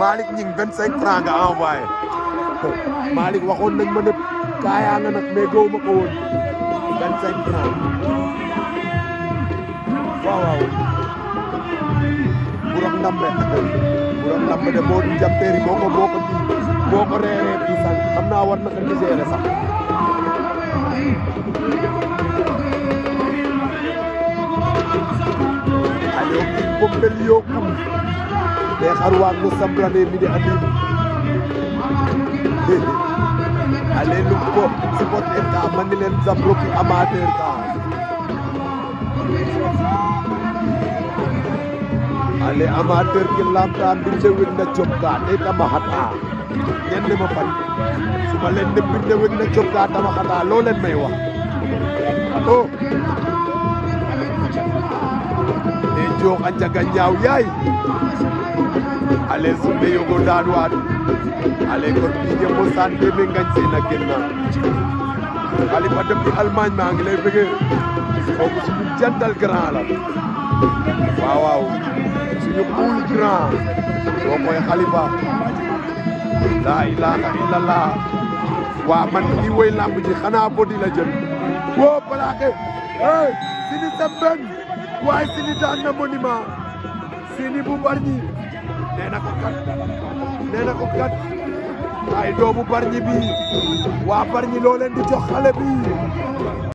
Malick ñi ngi vingt cinq francs nga envoyé Malick waxoon nag mais góob ma ko woon vingt cinq francs waaw waaw buram ndambe buram ndambe de moo na ko gisee sax te xar waag no samrane mi de andim ale lu ko spot en ka man len samroki amateur ka ale amateur ki la ta ke lamta mbinde wegna copka te tama xata yen lema fan suma len bi de ne mbinde wegna copka tama xata lo len may wax o yo xa njaga ñaaw yaay ale sumbe yogo daan waat ale got piije mo saan deme ngañ seena genna xali fa dem di Allemagne maa ngi lay bëgge foofu suñu la waaw suñu kuul grand boo koy xalifa laa ilaaha illallah waa man kii woy làmb ji xanaa bodi la jël woo plaqué hey sini sa benn waaye Siny daan na monument Siny bu Bargny nee na a kat nee na ko kat ay doomu Bargny bi waa Bargny loo leen di jox xale bi